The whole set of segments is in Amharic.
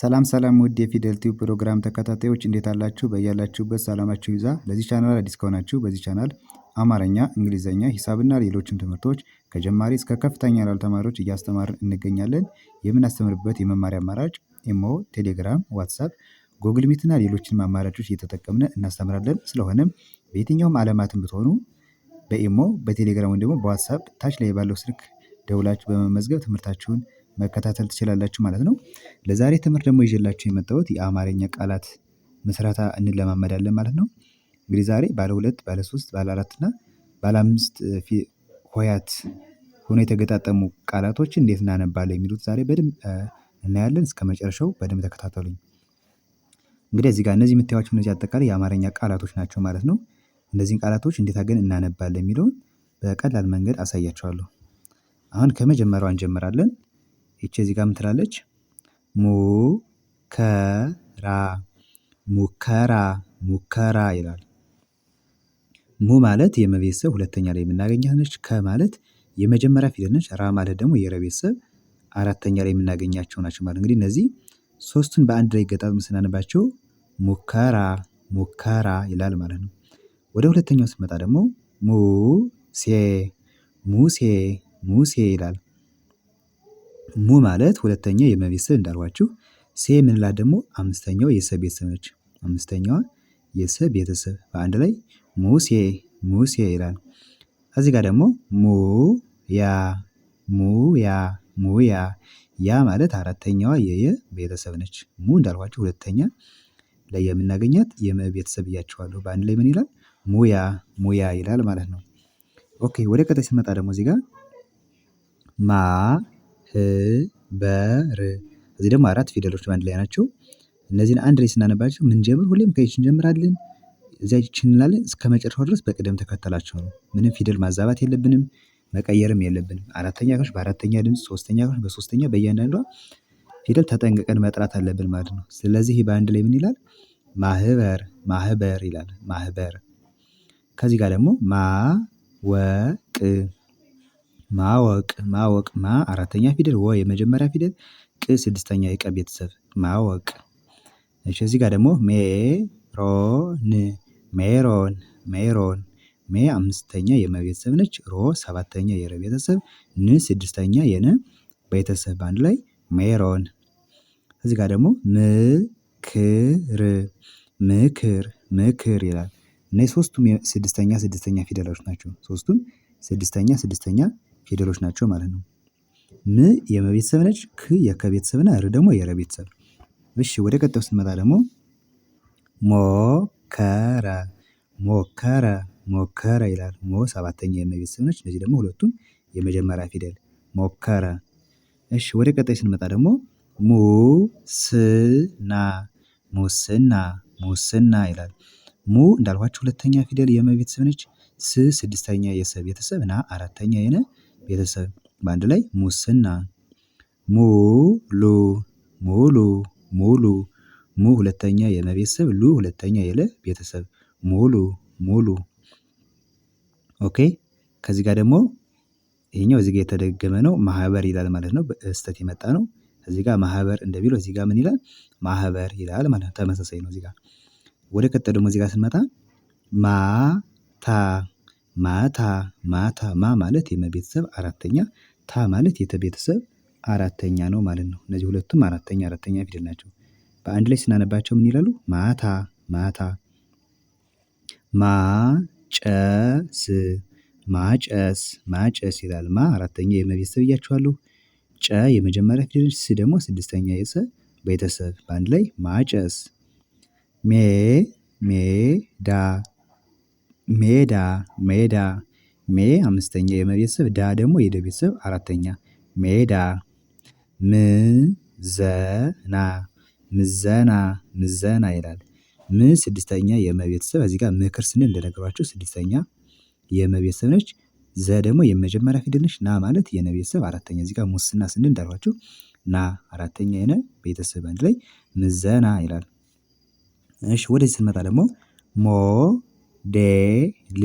ሰላም ሰላም ውድ የፊደል ቲዩብ ፕሮግራም ተከታታዮች እንዴት አላችሁ? በያላችሁበት ሰላማችሁ ይዛ። ለዚህ ቻናል አዲስ ከሆናችሁ በዚህ ቻናል አማርኛ፣ እንግሊዝኛ፣ ሂሳብና ሌሎችም ትምህርቶች ከጀማሪ እስከ ከፍተኛ ላሉ ተማሪዎች እያስተማርን እንገኛለን። የምናስተምርበት የመማሪያ አማራጭ ኢሞ፣ ቴሌግራም፣ ዋትሳፕ፣ ጎግል ሚትና ሌሎችንም አማራጮች እየተጠቀምነ እናስተምራለን። ስለሆነም በየትኛውም ዓለማትን ብትሆኑ በኢሞ፣ በቴሌግራም ወይም ደግሞ በዋትሳፕ ታች ላይ ባለው ስልክ ደውላችሁ በመመዝገብ ትምህርታችሁን መከታተል ትችላላችሁ ማለት ነው። ለዛሬ ትምህርት ደግሞ ይዤላችሁ የመጣሁት የአማርኛ ቃላት ምስረታ እንለማመዳለን ማለት ነው። እንግዲህ ዛሬ ባለ ሁለት፣ ባለ ሶስት፣ ባለ አራት እና ባለ አምስት ሆያት ሆኖ የተገጣጠሙ ቃላቶች እንዴት እናነባለን የሚሉት ዛሬ በደንብ እናያለን። እስከ መጨረሻው በደንብ ተከታተሉኝ። እንግዲህ እዚህ ጋር እነዚህ የምታዩቸው እነዚህ አጠቃላይ የአማርኛ ቃላቶች ናቸው ማለት ነው። እነዚህን ቃላቶች እንዴት ገን እናነባለን የሚለውን በቀላል መንገድ አሳያቸዋለሁ። አሁን ከመጀመሪያው እንጀምራለን። ይቺ እዚህ ጋር ምትላለች ትላለች? ሙከራ ሙከራ ሙከራ ይላል። ሙ ማለት የመቤተሰብ ሁለተኛ ላይ የምናገኛት ነች። ከ ማለት የመጀመሪያ ፊደል ነች። ራ ማለት ደግሞ የረቤተሰብ አራተኛ ላይ የምናገኛቸው ናቸው ማለት እንግዲህ እነዚህ ሶስቱን በአንድ ላይ ገጣጥም ስናነባቸው ሙከራ ሙከራ ይላል ማለት ነው። ወደ ሁለተኛው ስንመጣ ደግሞ ሙሴ ሙሴ ሙሴ ይላል። ሙ ማለት ሁለተኛው የመ ቤተሰብ እንዳልኳችሁ ሴ የምንላት ደግሞ አምስተኛው የሰ ቤተሰብ ነች። አምስተኛዋ የሰ ቤተሰብ በአንድ ላይ ሙሴ ሙሴ ይላል። ከዚህ ጋር ደግሞ ሙ ያ ሙ ያ ሙ ያ ያ ማለት አራተኛዋ የየ ቤተሰብ ነች። ሙ እንዳልኳችሁ ሁለተኛ ላይ የምናገኛት የመ ቤተሰብ እያችኋለሁ። በአንድ ላይ ምን ይላል? ሙያ ሙያ ይላል ማለት ነው። ኦኬ ወደ ቀጣይ ስንመጣ ደግሞ እዚህ ጋር ማ በር እዚህ ደግሞ አራት ፊደሎች በአንድ ላይ ናቸው። እነዚህን አንድ ላይ ስናነባቸው ምንጀምር ሁሌም ከይች እንጀምራለን። እዚያ ይች እንላለን መጨረሻው ድረስ በቅደም ተከተላቸው ነው ምንም ፊደል ማዛባት የለብንም መቀየርም የለብንም። አራተኛ ክፍል በአራተኛ ድምፅ፣ ሶስተኛ ክፍል በሶስተኛ በእያንዳንዷ ፊደል ተጠንቅቀን መጥራት አለብን ማለት ነው። ስለዚህ በአንድ ላይ ምን ይላል? ማህበር ማህበር ይላል ማህበር። ከዚህ ጋር ደግሞ ማወቅ ማወቅ ማወቅ ማ አራተኛ ፊደል ወ የመጀመሪያ ፊደል ቅ ስድስተኛ የቀ ቤተሰብ ማወቅ። እሺ እዚህ ጋር ደግሞ ሜሮን ሜሮን ሜሮን ሜ አምስተኛ የመ ቤተሰብ ነች። ሮ ሰባተኛ የረ ቤተሰብ ን ስድስተኛ የነ ቤተሰብ በአንድ ላይ ሜሮን። እዚህ ጋር ደግሞ ምክር ምክር ምክር ይላል። እነዚህ ሶስቱም ስድስተኛ ስድስተኛ ፊደሎች ናቸው። ሶስቱም ስድስተኛ ስድስተኛ ፊደሎች ናቸው ማለት ነው። ም የመቤተሰብ ነች። ክ የከቤተሰብ ና ር ደግሞ የረ ቤተሰብ። እሺ ወደ ቀጣዩ ስንመጣ ደግሞ ሞከረ ሞከረ ሞከረ ይላል። ሞ ሰባተኛ የመቤተሰብ ነች። እነዚህ ደግሞ ሁለቱም የመጀመሪያ ፊደል ሞከረ። እሺ ወደ ቀጣይ ስንመጣ ደግሞ ሙስና ሙስና ሙስና ይላል። ሙ እንዳልኋችሁ ሁለተኛ ፊደል የመቤተሰብ ነች። ስ ስድስተኛ የሰ ቤተሰብ ና አራተኛ የነ ቤተሰብ በአንድ ላይ ሙስና ሙሉ ሙሉ ሙሉ ሙ ሁለተኛ የመ ቤተሰብ ሉ ሁለተኛ የለ ቤተሰብ ሙሉ ሙሉ። ኦኬ ከዚህ ጋር ደግሞ ይሄኛው እዚህ ጋር የተደገመ ነው ማህበር ይላል ማለት ነው። በስተት የመጣ ነው። እዚህ ጋር ማህበር እንደሚለው እዚህ ጋር ምን ይላል ማህበር ይላል ማለት ነው። ተመሳሳይ ነው። እዚህ ጋር ወደ ቀጠ ደግሞ እዚህ ጋር ስንመጣ ማታ ማታ ማታ ማ ማለት የመቤተሰብ አራተኛ ታ ማለት የተቤተሰብ አራተኛ ነው ማለት ነው። እነዚህ ሁለቱም አራተኛ አራተኛ ፊደል ናቸው። በአንድ ላይ ስናነባቸው ምን ይላሉ? ማታ ማታ ማጨስ ማጨስ ማጨስ ይላል። ማ አራተኛ የመቤተሰብ ብያችኋለሁ። ጨ የመጀመሪያ ፊደል፣ ስ ደግሞ ስድስተኛ የሰ ቤተሰብ በአንድ ላይ ማጨስ ሜ ሜዳ ሜዳ ሜዳ ሜ አምስተኛ የመቤተሰብ ዳ ደግሞ የደ ቤተሰብ አራተኛ ሜዳ ምዘና ምዘና ምዘና ይላል። ም ስድስተኛ የመቤተሰብ ቤተሰብ እዚህ ጋር ምክር ስንል እንደነገሯቸው ስድስተኛ የመቤተሰብ ነች። ዘ ደግሞ የመጀመሪያ ፊደል ነች። ና ማለት የነ ቤተሰብ አራተኛ እዚህ ጋር ሙስና ስንል እንዳልኋችሁ ና አራተኛ የነ ቤተሰብ አንድ ላይ ምዘና ይላል። እሺ ወደዚህ ስንመጣ ደግሞ ሞ ዴ ል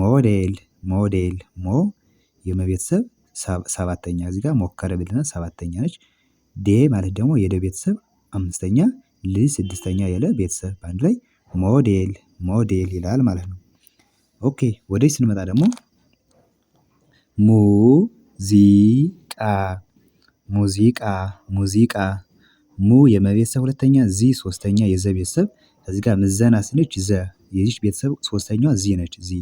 ሞዴል ሞዴል ሞ የመቤተሰብ ሰባተኛ እዚህ ጋር ሞከረ ብለናል ሰባተኛ ነች። ዴ ማለት ደግሞ የደ ቤተሰብ አምስተኛ ል ስድስተኛ የለ ቤተሰብ በአንድ ላይ ሞዴል ሞዴል ይላል ማለት ነው። ኦኬ ወደ ስንመጣ ደግሞ ሙዚቃ ሙዚቃ ሙዚቃ ሙ የመቤተሰብ ሁለተኛ ዚ ሶስተኛ የዘ ቤተሰብ እዚህ ጋር ምዘና ስንች ዘ የዚች ቤተሰብ ሶስተኛዋ ዚ ነች። ዚ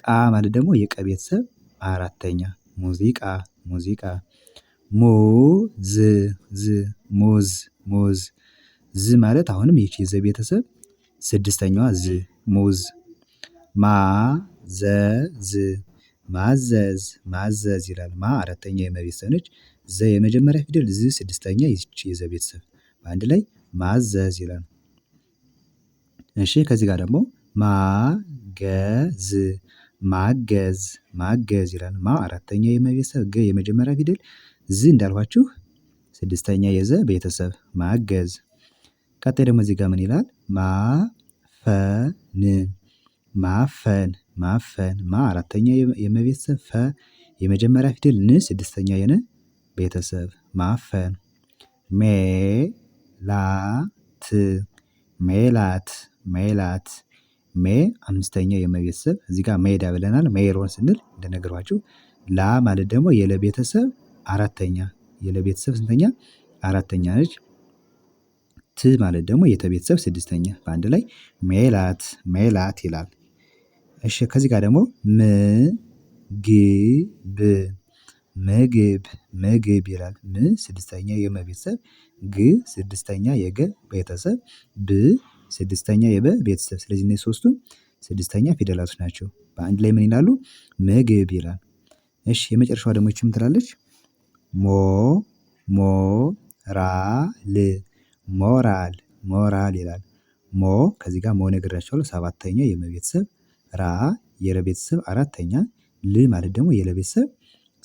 ቃ ማለት ደግሞ የቀ ቤተሰብ አራተኛ ሙዚቃ ሙዚቃ ሙ ዝ ዝ ሙዝ ሙዝ ዝ ማለት አሁንም ይቺ የዘ ቤተሰብ ስድስተኛዋ ዝ ሙዝ ማ ዘ ዝ ማዘዝ ማዘዝ ይላል። ማ አራተኛ የመቤተሰብ ነች። ዘ የመጀመሪያ ፊደል ዝ ስድስተኛ ይቺ የዘ ቤተሰብ በአንድ ላይ ማዘዝ ይላል። እሺ ከዚህ ጋር ደግሞ ማገዝ ማገዝ ማገዝ ይላል ማ አራተኛ የመቤተሰብ ገ የመጀመሪያ ፊደል ዝ እንዳልኋችሁ ስድስተኛ የዘ ቤተሰብ ማገዝ። ቀጣይ ደግሞ እዚህ ጋር ምን ይላል? ማፈን ማፈን ማፈን ማ አራተኛ የመቤተሰብ ፈ የመጀመሪያ ፊደል ን ስድስተኛ የነ ቤተሰብ ማፈን። ሜላት ሜላት ሜላት ሜ አምስተኛው የመቤተሰብ ቤተሰብ እዚህ ጋር መሄዳ ብለናል። ሜሮን ስንል እንደነገሯችሁ ላ ማለት ደግሞ የለቤተሰብ አራተኛ የለቤተሰብ ስንተኛ አራተኛ ነች። ት ማለት ደግሞ የተቤተሰብ ስድስተኛ በአንድ ላይ ሜላት ሜላት ይላል። እሺ ከዚህ ጋር ደግሞ ምግብ ምግብ ምግብ ይላል። ም ስድስተኛ የመቤተሰብ ግ ስድስተኛ የገ ቤተሰብ ብ ስድስተኛ የበ ቤተሰብ። ስለዚህ እነዚህ ሶስቱም ስድስተኛ ፊደላቶች ናቸው። በአንድ ላይ ምን ይላሉ? ምግብ ይላል። እሺ የመጨረሻዋ ደግሞ ይችም ትላለች። ሞ ሞ ራ ል ሞራል ሞራል ይላል። ሞ ከዚህ ጋር ሞ ነግሬያቸዋለሁ። ሰባተኛ የመቤተሰብ ራ የረቤተሰብ አራተኛ ል ማለት ደግሞ የለቤተሰብ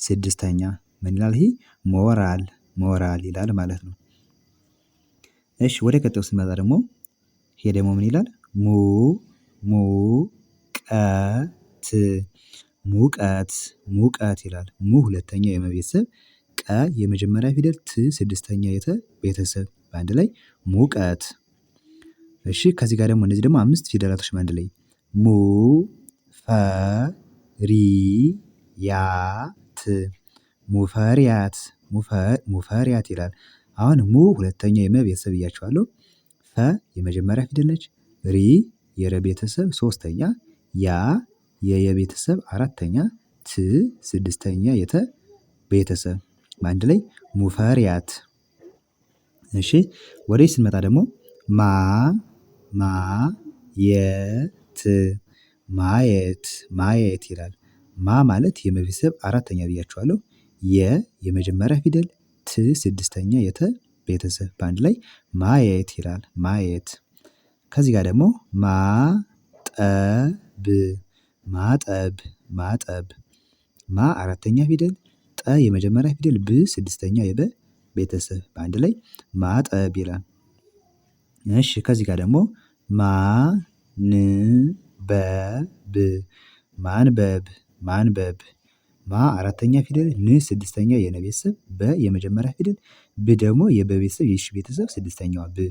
ስድስተኛ ምን ይላል? ይሄ ሞራል ሞራል ይላል ማለት ነው። እሺ ወደ ቀጠው ስንመጣ ደግሞ ይሄ ደግሞ ምን ይላል? ሙ ሙ ቀት ሙቀት ሙቀት ይላል። ሙ ሁለተኛ የመቤተሰብ ቀ የመጀመሪያ ፊደል ት ስድስተኛ የተ ቤተሰብ በአንድ ላይ ሙቀት። እሺ ከዚህ ጋር ደግሞ እነዚህ ደግሞ አምስት ፊደላቶች በአንድ ላይ ሙ ፈ ሪ ያ ት ሙፈሪያት ሙፈሪያት ይላል። አሁን ሙ ሁለተኛ የመ ቤተሰብ እያቸዋለሁ ፈ የመጀመሪያ ፊደል ነች። ሪ የረ ቤተሰብ ሶስተኛ፣ ያ የየ ቤተሰብ አራተኛ፣ ት ስድስተኛ የተ ቤተሰብ በአንድ ላይ ሙፈሪያት። እሺ ወደዚህ ስንመጣ ደግሞ ማ ማ የት ማየት ማየት ይላል። ማ ማለት የመቤተሰብ አራተኛ ብያቸዋለሁ። የ የመጀመሪያ ፊደል ት ስድስተኛ የተ ቤተሰብ በአንድ ላይ ማየት ይላል ማየት። ከዚህ ጋር ደግሞ ማጠብ ማጠብ ማጠብ ማ አራተኛ ፊደል ጠ የመጀመሪያ ፊደል ብ ስድስተኛ የበ ቤተሰብ በአንድ ላይ ማጠብ ይላል። እሺ ከዚህ ጋር ደግሞ ማንበብ ማንበብ ማንበብ ማ አራተኛ ፊደል ን ስድስተኛ የነ ቤተሰብ በ የመጀመሪያ ፊደል ብ ደግሞ የበቤተሰብ የሽ ቤተሰብ ስድስተኛዋ ብ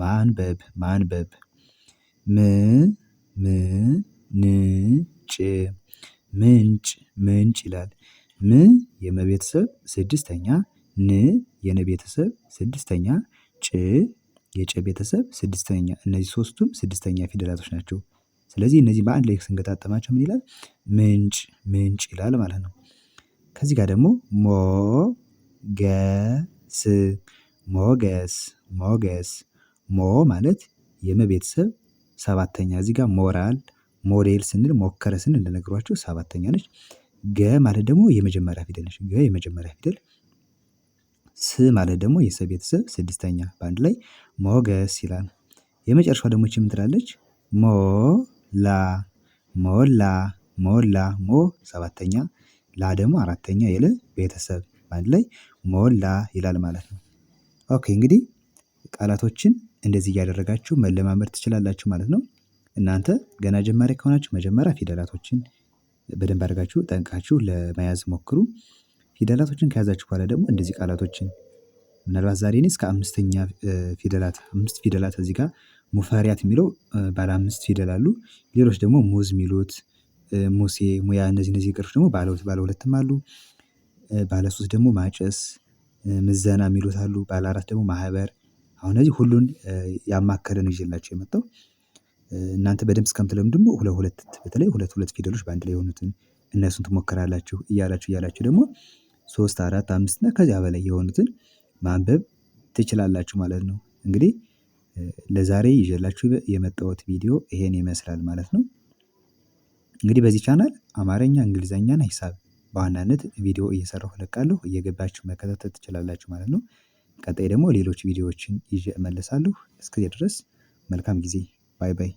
ማንበብ ማንበብ ም ም ን ጭ ምንጭ ምንጭ ይላል ም የመቤተሰብ ስድስተኛ ን የነ ቤተሰብ ስድስተኛ ጭ የጨ ቤተሰብ ስድስተኛ እነዚህ ሶስቱም ስድስተኛ ፊደላቶች ናቸው። ስለዚህ እነዚህ በአንድ ላይ ስንገጣጠማቸው ምን ይላል ምንጭ ምንጭ ይላል ማለት ነው። ከዚህ ጋር ደግሞ ሞ ገ ስ ሞገስ ሞገስ ሞ ማለት የመቤተሰብ ሰባተኛ እዚህ ጋር ሞራል ሞዴል ስንል ሞከረ ስንል እንደነግሯቸው ሰባተኛ ነች። ገ ማለት ደግሞ የመጀመሪያ ፊደል ነች። ገ የመጀመሪያ ፊደል ስ ማለት ደግሞ የሰ ቤተሰብ ስድስተኛ በአንድ ላይ ሞገስ ይላል። የመጨረሻ ደግሞ ች ትላለች? ሞ ላ ሞላ ሞላ ሞ ሰባተኛ ላ ደግሞ አራተኛ የለ ቤተሰብ በአንድ ላይ ሞላ ይላል ማለት ነው። ኦኬ እንግዲህ ቃላቶችን እንደዚህ እያደረጋችሁ መለማመድ ትችላላችሁ ማለት ነው። እናንተ ገና ጀማሪ ከሆናችሁ መጀመሪያ ፊደላቶችን በደንብ አድርጋችሁ ጠንቃችሁ ለመያዝ ሞክሩ። ፊደላቶችን ከያዛችሁ በኋላ ደግሞ እንደዚህ ቃላቶችን ምናልባት ዛሬ እኔ እስከ አምስተኛ ፊደላት አምስት ፊደላት እዚህ ጋር ሙፈሪያት የሚለው ባለ አምስት ፊደል አሉ። ሌሎች ደግሞ ሙዝ የሚሉት ሙሴ፣ ሙያ እነዚህ እነዚህ ቅርሶች ደግሞ ባለ ሁለትም አሉ። ባለሶስት ደግሞ ማጨስ ምዘና የሚሉት አሉ ባለ አራት ደግሞ ማህበር አሁን እነዚህ ሁሉን ያማከለ ነው ይዤላችሁ የመጣው። እናንተ በደንብ እስከምትለምዱም ሁለት ሁለት በተለይ ሁለት ሁለት ፊደሎች በአንድ ላይ የሆኑትን እነሱን ትሞክራላችሁ እያላችሁ እያላችሁ ደግሞ ሶስት አራት አምስት እና ከዚያ በላይ የሆኑትን ማንበብ ትችላላችሁ ማለት ነው። እንግዲህ ለዛሬ ይዤላችሁ የመጣሁት ቪዲዮ ይሄን ይመስላል ማለት ነው። እንግዲህ በዚህ ቻናል አማርኛ እንግሊዘኛና ሂሳብ በዋናነት ቪዲዮ እየሰራሁ እለቃለሁ እየገባችሁ መከታተል ትችላላችሁ ማለት ነው። ቀጣይ ደግሞ ሌሎች ቪዲዮዎችን ይዤ እመለሳለሁ። እስከዚህ ድረስ መልካም ጊዜ ባይ ባይ